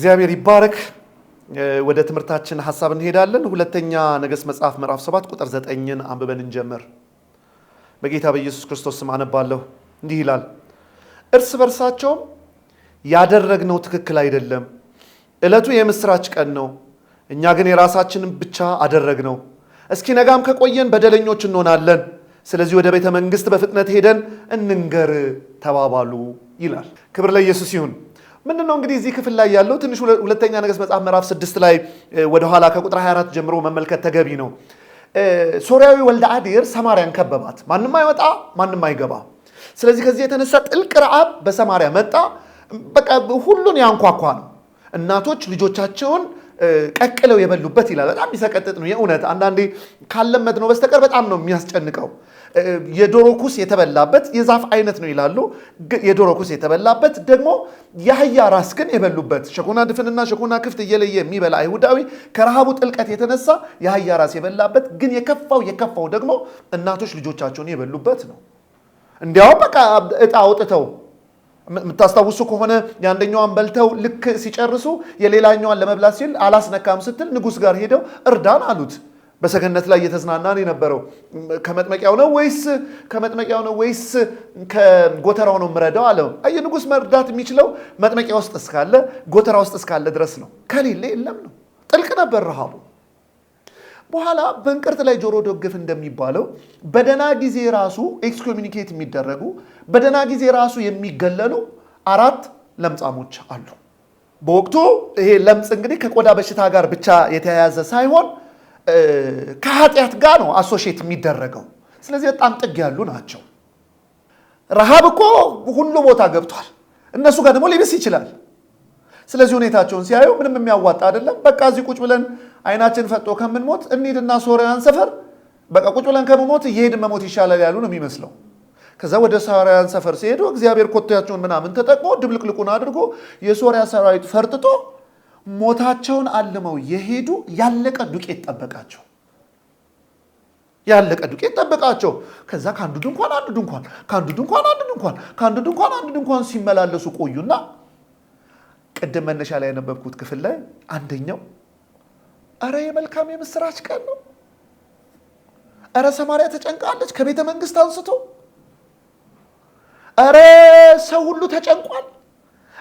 እግዚአብሔር ይባረክ። ወደ ትምህርታችን ሀሳብ እንሄዳለን። ሁለተኛ ነገሥት መጽሐፍ ምዕራፍ 7 ቁጥር 9ን አንብበን እንጀምር። በጌታ በኢየሱስ ክርስቶስ ስም አነባለሁ። እንዲህ ይላል፣ እርስ በርሳቸውም ያደረግነው ትክክል አይደለም፣ ዕለቱ የምስራች ቀን ነው፣ እኛ ግን የራሳችንን ብቻ አደረግነው። እስኪ ነጋም ከቆየን በደለኞች እንሆናለን። ስለዚህ ወደ ቤተ መንግሥት በፍጥነት ሄደን እንንገር ተባባሉ ይላል። ክብር ለኢየሱስ ይሁን። ምንድን ነው እንግዲህ እዚህ ክፍል ላይ ያለው ትንሽ ሁለተኛ ነገሥት መጽሐፍ ምዕራፍ ስድስት ላይ ወደኋላ ከቁጥር 24 ጀምሮ መመልከት ተገቢ ነው። ሶርያዊ ወልደ አዴር ሰማርያን ከበባት። ማንም አይወጣ፣ ማንም አይገባ። ስለዚህ ከዚህ የተነሳ ጥልቅ ረዓብ በሰማርያ መጣ። በቃ ሁሉን ያንኳኳ ነው። እናቶች ልጆቻቸውን ቀቅለው የበሉበት ይላል። በጣም ይሰቀጥጥ ነው የእውነት አንዳንዴ ካለመድ ነው በስተቀር በጣም ነው የሚያስጨንቀው። የዶሮ ኩስ የተበላበት የዛፍ አይነት ነው ይላሉ። የዶሮ ኩስ የተበላበት ደግሞ የአህያ ራስ ግን የበሉበት ሸኮና ድፍንና ሸኮና ክፍት እየለየ የሚበላ አይሁዳዊ ከረሃቡ ጥልቀት የተነሳ የአህያ ራስ የበላበት ግን የከፋው የከፋው ደግሞ እናቶች ልጆቻቸውን የበሉበት ነው። እንዲያውም በቃ እጣ አውጥተው የምታስታውሱ ከሆነ የአንደኛዋን በልተው ልክ ሲጨርሱ የሌላኛዋን ለመብላት ሲል አላስነካም ስትል ንጉሥ ጋር ሄደው እርዳን አሉት። በሰገነት ላይ እየተዝናናን የነበረው ከመጥመቂያው ነው ወይስ ከመጥመቂያው ነው ወይስ ከጎተራው ነው የምረዳው አለ። አየ ንጉሥ መርዳት የሚችለው መጥመቂያ ውስጥ እስካለ ጎተራ ውስጥ እስካለ ድረስ ነው። ከሌለ የለም ነው። ጥልቅ ነበር ረሃቡ። በኋላ በእንቅርት ላይ ጆሮ ደግፍ እንደሚባለው በደና ጊዜ ራሱ ኤክስኮሚኒኬት የሚደረጉ በደና ጊዜ ራሱ የሚገለሉ አራት ለምጻሞች አሉ። በወቅቱ ይሄ ለምጽ እንግዲህ ከቆዳ በሽታ ጋር ብቻ የተያያዘ ሳይሆን ከኃጢአት ጋር ነው አሶሼት የሚደረገው። ስለዚህ በጣም ጥግ ያሉ ናቸው። ረሃብ እኮ ሁሉ ቦታ ገብቷል። እነሱ ጋር ደግሞ ሊብስ ይችላል። ስለዚህ ሁኔታቸውን ሲያዩ ምንም የሚያዋጣ አይደለም። በቃ እዚህ ቁጭ ብለን አይናችን ፈጦ ከምንሞት እንሂድና ሶርያን ሰፈር በቃ ቁጭ ብለን ከምንሞት እየሄድን መሞት ይሻላል ያሉ ነው የሚመስለው። ከዛ ወደ ሶርያን ሰፈር ሲሄዱ እግዚአብሔር ኮቴያቸውን ምናምን ተጠቅሞ ድብልቅልቁን አድርጎ የሶርያ ሰራዊት ፈርጥጦ ሞታቸውን አልመው የሄዱ ያለቀ ዱቄት ጠበቃቸው። ያለቀ ዱቄት ጠበቃቸው። ከዛ ከአንዱ ድንኳን አንዱ ድንኳን ከአንዱ ድንኳን አንዱ ድንኳን ከአንዱ ድንኳን አንዱ ድንኳን ሲመላለሱ ቆዩና ቅድም መነሻ ላይ ያነበብኩት ክፍል ላይ አንደኛው እረ የመልካም የምስራች ቀን ነው፣ እረ ሰማርያ ተጨንቃለች ከቤተ መንግስት አንስቶ፣ እረ ሰው ሁሉ ተጨንቋል፣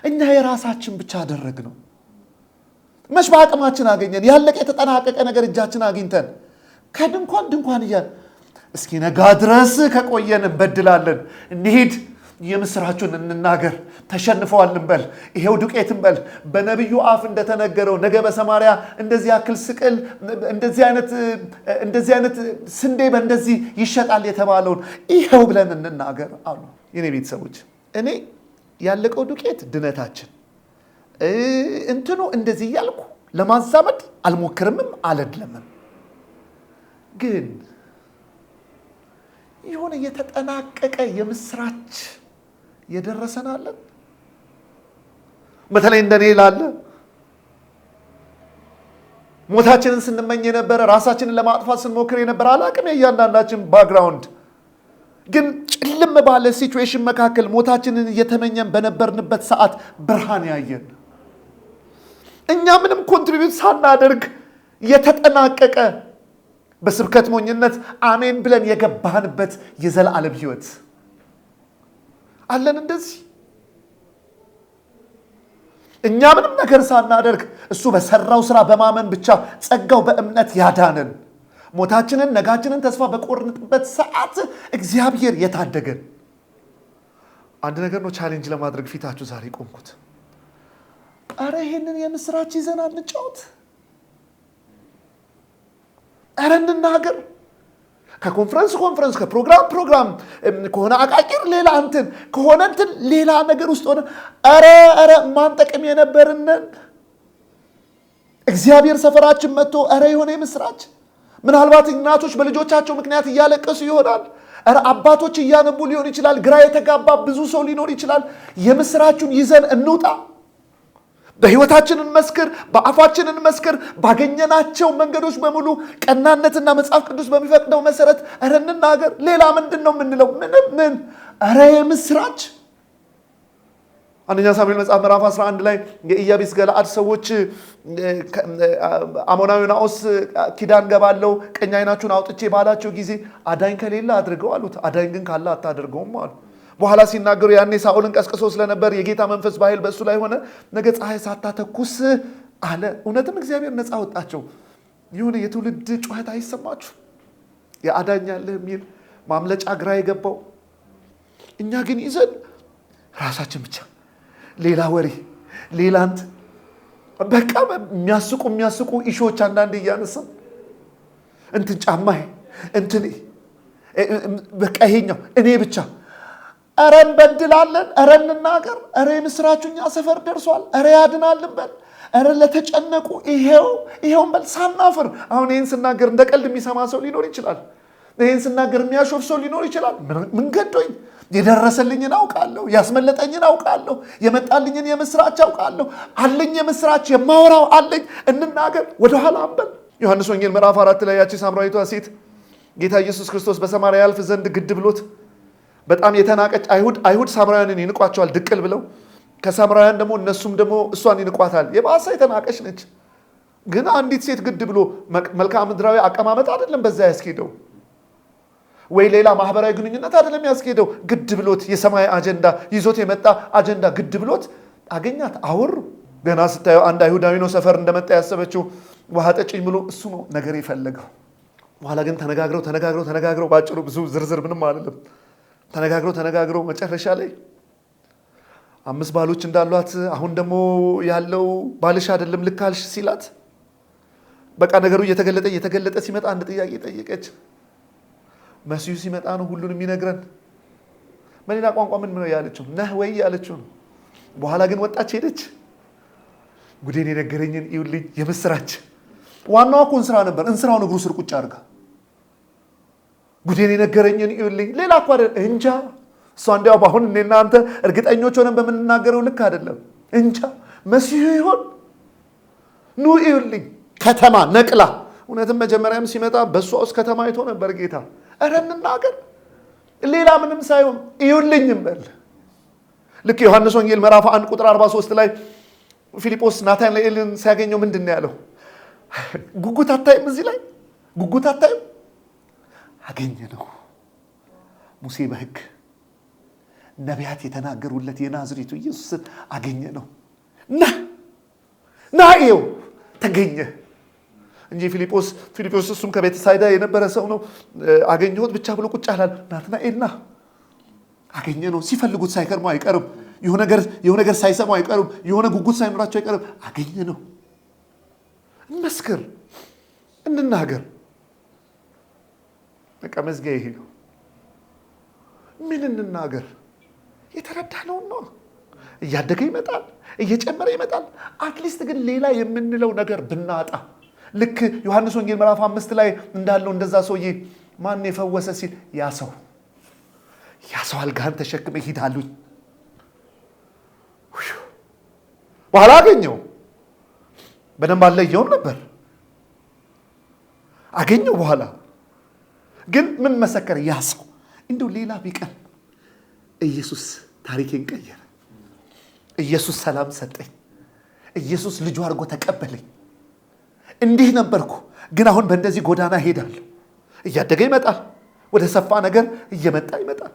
እኛ የራሳችን ብቻ አደረግ ነው መች በአቅማችን አገኘን? ያለቀ የተጠናቀቀ ነገር እጃችን አግኝተን ከድንኳን ድንኳን እያል እስኪ ነጋ ድረስ ከቆየን እንበድላለን። እንሂድ፣ የምስራቹን እንናገር፣ ተሸንፈዋል እንበል፣ ይሄው ዱቄት እንበል። በነቢዩ አፍ እንደተነገረው ነገ በሰማሪያ እንደዚህ ያክል ስቅል፣ እንደዚህ አይነት ስንዴ በእንደዚህ ይሸጣል የተባለውን ይኸው ብለን እንናገር አሉ። የኔ ቤተሰቦች፣ እኔ ያለቀው ዱቄት ድነታችን እንትኑ እንደዚህ እያልኩ ለማዛመድ አልሞክርምም አለድለምም። ግን የሆነ የተጠናቀቀ የምስራች የደረሰን አለን። በተለይ እንደኔ ላለ ሞታችንን ስንመኝ የነበረ ራሳችንን ለማጥፋት ስንሞክር የነበረ አላቅም የእያንዳንዳችን ባክግራውንድ ግን ጭልም ባለ ሲትዌሽን መካከል ሞታችንን እየተመኘን በነበርንበት ሰዓት ብርሃን ያየን እኛ ምንም ኮንትሪቢዩት ሳናደርግ የተጠናቀቀ በስብከት ሞኝነት አሜን ብለን የገባንበት የዘላለም ህይወት አለን። እንደዚህ እኛ ምንም ነገር ሳናደርግ እሱ በሰራው ስራ በማመን ብቻ ጸጋው በእምነት ያዳነን ሞታችንን ነጋችንን ተስፋ በቆርንጥበት ሰዓት እግዚአብሔር የታደገን አንድ ነገር ነው። ቻሌንጅ ለማድረግ ፊታችሁ ዛሬ ቆምኩት። አረ ይሄንን የምስራች ይዘን አንጫወት፣ አረ እንናገር። ከኮንፈረንስ ኮንፈረንስ ከፕሮግራም ፕሮግራም ከሆነ አቃቂር ሌላ እንትን ከሆነ እንትን ሌላ ነገር ውስጥ ሆነ አረ አረ ማን ጠቅም የነበርነን እግዚአብሔር ሰፈራችን መጥቶ አረ የሆነ የምስራች። ምናልባት እናቶች በልጆቻቸው ምክንያት እያለቀሱ ይሆናል። ኧረ አባቶች እያነቡ ሊሆን ይችላል። ግራ የተጋባ ብዙ ሰው ሊኖር ይችላል። የምስራቹን ይዘን እንውጣ። በህይወታችን እንመስክር፣ በአፋችን እንመስክር፣ ባገኘናቸው መንገዶች በሙሉ ቀናነትና መጽሐፍ ቅዱስ በሚፈቅደው መሰረት ኧረ እንናገር። ሌላ ምንድን ነው የምንለው? ምንም ምን እረ የምስራች አንደኛ ሳሙኤል መጽሐፍ ምዕራፍ 11 ላይ የኢያቢስ ገለአድ ሰዎች አሞናዊ ናኦስ ኪዳን ገባለው ቀኝ አይናችሁን አውጥቼ ባላቸው ጊዜ አዳኝ ከሌለ አድርገው አሉት። አዳኝ ግን ካለ አታደርገውም አሉ። በኋላ ሲናገሩ ያኔ ሳኦልን ቀስቅሶ ስለነበር የጌታ መንፈስ በኃይል በእሱ ላይ ሆነ። ነገ ፀሐይ ሳታተኩስ አለ። እውነትም እግዚአብሔር ነፃ ወጣቸው። የሆነ የትውልድ ጩኸት አይሰማችሁ? የአዳኛለህ የሚል ማምለጫ ግራ የገባው እኛ ግን ይዘን ራሳችን ብቻ ሌላ ወሬ ሌላ እንትን በቃ የሚያስቁ የሚያስቁ ኢሾዎች አንዳንድ እያነሳ እንትን ጫማ እንትን በቃ ይሄኛው እኔ ብቻ ኧረ እንበድላለን፣ ኧረ እንናገር፣ ኧረ የምስራቹ እኛ ሰፈር ደርሷል፣ ያድናልን በል፣ ረ ለተጨነቁ ይሄው ይሄውን በል ሳናፍር። አሁን ይህን ስናገር እንደ ቀልድ የሚሰማ ሰው ሊኖር ይችላል። ይህን ስናገር የሚያሾፍ ሰው ሊኖር ይችላል። ምን ገዶኝ? የደረሰልኝን አውቃለሁ፣ ያስመለጠኝን አውቃለሁ፣ የመጣልኝን የምስራች አውቃለሁ። አለኝ የምስራች የማወራው አለኝ፣ እንናገር፣ ወደኋላ አንበል። ዮሐንስ ወንጌል ምዕራፍ አራት ላይ ያቺ ሳምራዊቷ ሴት ጌታ ኢየሱስ ክርስቶስ በሰማርያ ያልፍ ዘንድ ግድ ብሎት በጣም የተናቀች አይሁድ አይሁድ ሳምራውያንን ይንቋቸዋል ድቅል ብለው ከሳምራውያን ደግሞ እነሱም ደግሞ እሷን ይንቋታል። የባሰ የተናቀች ነች። ግን አንዲት ሴት ግድ ብሎ መልክዓ ምድራዊ አቀማመጥ አይደለም በዛ ያስኬደው፣ ወይ ሌላ ማህበራዊ ግንኙነት አይደለም ያስኬደው። ግድ ብሎት የሰማይ አጀንዳ ይዞት የመጣ አጀንዳ ግድ ብሎት አገኛት። አወሩ። ገና ስታየው አንድ አይሁዳዊ ነው ሰፈር እንደመጣ ያሰበችው። ውሃ ጠጭኝ ብሎ እሱ ነው ነገር የፈለገው። በኋላ ግን ተነጋግረው ተነጋግረው ተነጋግረው፣ ባጭሩ ብዙ ዝርዝር ምንም አይደለም ተነጋግረው ተነጋግረው መጨረሻ ላይ አምስት ባሎች እንዳሏት አሁን ደግሞ ያለው ባልሽ አይደለም ልካልሽ ሲላት በቃ ነገሩ እየተገለጠ እየተገለጠ ሲመጣ አንድ ጥያቄ ጠየቀች። መሲሁ ሲመጣ ነው ሁሉንም የሚነግረን። በሌላ ቋንቋ ምን ነው ያለችው? ነህ ወይ ያለችው ነው። በኋላ ግን ወጣች ሄደች። ጉዴን የነገረኝን ይውልኝ የምስራች። ዋናዋ እኮ እንስራ ነበር። እንስራውን እግሩ ስር ቁጭ አድርጋ ጉዴን የነገረኝን እዩልኝ። ሌላ እኮ እንጃ እሷ እንዲያው በአሁን እኔ እናንተ እርግጠኞች ሆነን በምንናገረው ልክ አይደለም። እንጃ መሲሁ ይሆን ኑ እዩልኝ። ከተማ ነቅላ እውነትም መጀመሪያም ሲመጣ በእሷ ውስጥ ከተማ አይቶ ነበር ጌታ። እረ እንናገር፣ ሌላ ምንም ሳይሆን ይውልኝም በል። ልክ ዮሐንስ ወንጌል ምዕራፍ አንድ ቁጥር 43 ላይ ፊልጶስ ናታናኤልን ሲያገኘው ምንድን ነው ያለው? ጉጉት አታይም? እዚህ ላይ ጉጉት አታይም አገኘ ነው። ሙሴ በሕግ ነቢያት የተናገሩለት የናዝሬቱ ኢየሱስን አገኘ ነው። ና ና ይኸው ተገኘ እንጂ ፊልጶስ ፊልጶስ እሱም ከቤተሳይዳ የነበረ ሰው ነው። አገኘሁት ብቻ ብሎ ቁጭ አላል። ናትናኤል ና አገኘ ነው። ሲፈልጉት ሳይቀርሙ አይቀርም። የሆነ ነገር ሳይሰሙ አይቀርም። የሆነ ጉጉት ሳይኖራቸው አይቀርም። አገኘ ነው። እንመስክር፣ እንናገር። በቃ መዝጊያ ይሄ ነው። ምን እንናገር? የተረዳ ነው እያደገ ይመጣል፣ እየጨመረ ይመጣል። አትሊስት ግን ሌላ የምንለው ነገር ብናጣ ልክ ዮሐንስ ወንጌል ምዕራፍ አምስት ላይ እንዳለው እንደዛ ሰውዬ ማን የፈወሰ ሲል ያ ሰው ያ ሰው አልጋህን ተሸክመ ይሄዳሉኝ በኋላ አገኘው። በደንብ አለየውም ነበር፣ አገኘው በኋላ ግን ምን መሰከር ያ ሰው ሌላ ቢቀር ኢየሱስ ታሪኬን ቀየረ፣ ኢየሱስ ሰላም ሰጠኝ፣ ኢየሱስ ልጁ አድርጎ ተቀበለኝ፣ እንዲህ ነበርኩ፣ ግን አሁን በእንደዚህ ጎዳና ሄዳለሁ። እያደገ ይመጣል፣ ወደ ሰፋ ነገር እየመጣ ይመጣል።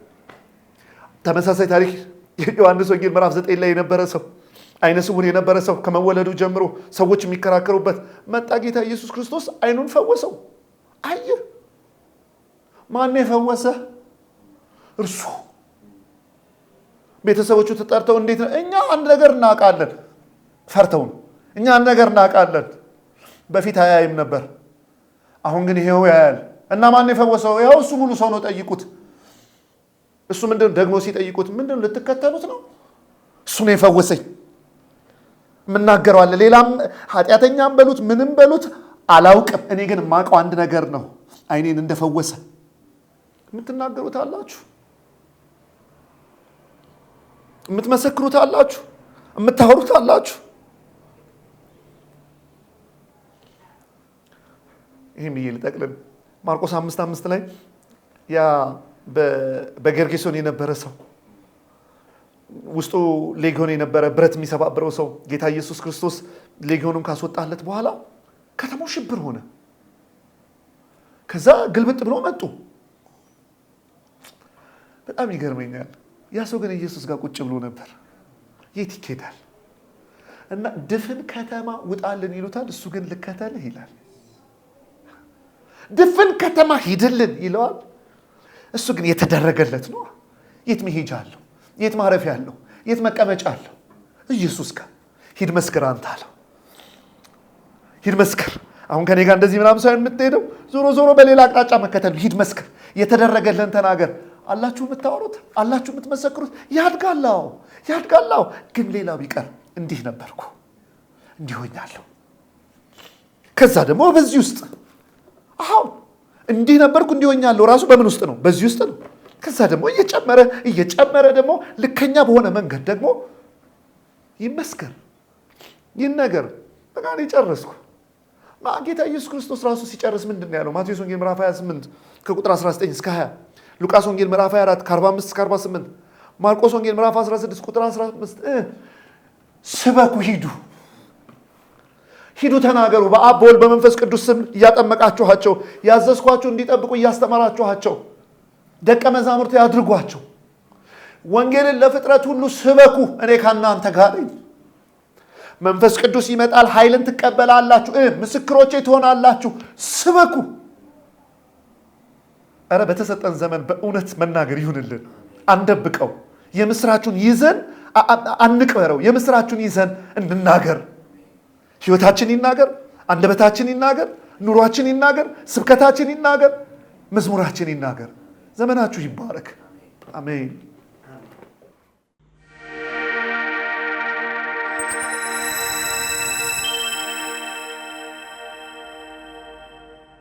ተመሳሳይ ታሪክ የዮሐንስ ወንጌል ምዕራፍ ዘጠኝ ላይ የነበረ ሰው አይነ ስውር የነበረ ሰው ከመወለዱ ጀምሮ ሰዎች የሚከራከሩበት መጣ። ጌታ ኢየሱስ ክርስቶስ አይኑን ፈወሰው። አየ ማን የፈወሰ እርሱ። ቤተሰቦቹ ተጠርተው እንዴት ነው? እኛ አንድ ነገር እናውቃለን። ፈርተው ነው። እኛ አንድ ነገር እናውቃለን። በፊት አያይም ነበር፣ አሁን ግን ይሄው ያያል። እና ማን የፈወሰው? ያው እሱ ሙሉ ሰው ነው፣ ጠይቁት። እሱ ምንድን ደግሞ ሲጠይቁት ምንድን ልትከተሉት ነው? እሱ ነው የፈወሰኝ። የምናገረዋለ ሌላም ኃጢአተኛም በሉት ምንም በሉት አላውቅም። እኔ ግን የማውቀው አንድ ነገር ነው፣ አይኔን እንደፈወሰ የምትናገሩት አላችሁ፣ የምትመሰክሩት አላችሁ፣ የምታወሩት አላችሁ። ይህም ብዬ ልጠቅልል። ማርቆስ አምስት አምስት ላይ ያ በጌርጌሶን የነበረ ሰው ውስጡ ሌጊዮን የነበረ ብረት የሚሰባብረው ሰው ጌታ ኢየሱስ ክርስቶስ ሌጊዮኑን ካስወጣለት በኋላ ከተማው ሽብር ሆነ። ከዛ ግልብጥ ብሎ መጡ። በጣም ይገርመኛል። ያ ሰው ግን ኢየሱስ ጋር ቁጭ ብሎ ነበር። የት ይኬዳል? እና ድፍን ከተማ ውጣልን ይሉታል፣ እሱ ግን ልከተልህ ይላል። ድፍን ከተማ ሂድልን ይለዋል፣ እሱ ግን የተደረገለት ነው። የት መሄጃ አለው? የት ማረፊያ አለው? የት መቀመጫ አለው? ኢየሱስ ጋር ሂድ መስክር፣ አንተ አለው። ሂድ መስክር፣ አሁን ከኔ ጋር እንደዚህ ምናምን ሳይሆን የምትሄደው ዞሮ ዞሮ በሌላ አቅጣጫ መከተል። ሂድ መስክር፣ የተደረገልን ተናገር አላችሁ የምታወሩት አላችሁ የምትመሰክሩት ያድጋላው ያድጋላው። ግን ሌላው ቢቀር እንዲህ ነበርኩ እንዲሆኛለሁ። ከዛ ደግሞ በዚህ ውስጥ አሁን እንዲህ ነበርኩ እንዲሆኛለሁ ራሱ በምን ውስጥ ነው? በዚህ ውስጥ ነው። ከዛ ደግሞ እየጨመረ እየጨመረ ደግሞ ልከኛ በሆነ መንገድ ደግሞ ይመስገን ይህን ነገር በቃ ጨረስኩ። ጌታ ኢየሱስ ክርስቶስ ራሱ ሲጨርስ ምንድን ነው ያለው? ማቴዎስ ወንጌል ምዕራፍ 28 ከቁጥር 19 እስከ 20 ሉቃስ ወንጌል ምዕራፍ 24 ከ45 እስከ 48፣ ማርቆስ ወንጌል ምዕራፍ 16 ቁጥር 15 ስበኩ፣ ሂዱ ሂዱ ተናገሩ፣ በአብ በወልድ በመንፈስ ቅዱስ ስም እያጠመቃችኋቸው ያዘዝኳችሁ እንዲጠብቁ እያስተማራችኋቸው ደቀ መዛሙርት ያድርጓቸው። ወንጌልን ለፍጥረት ሁሉ ስበኩ፣ እኔ ከእናንተ ጋር ነኝ። መንፈስ ቅዱስ ይመጣል፣ ኃይልን ትቀበላላችሁ፣ ምስክሮቼ ትሆናላችሁ። ስበኩ ኧረ በተሰጠን ዘመን በእውነት መናገር ይሁንልን። አንደብቀው፣ የምስራቹን ይዘን አንቅበረው፣ የምስራቹን ይዘን እንናገር። ህይወታችን ይናገር፣ አንደበታችን ይናገር፣ ኑሯችን ይናገር፣ ስብከታችን ይናገር፣ መዝሙራችን ይናገር። ዘመናችሁ ይባረክ። አሜን።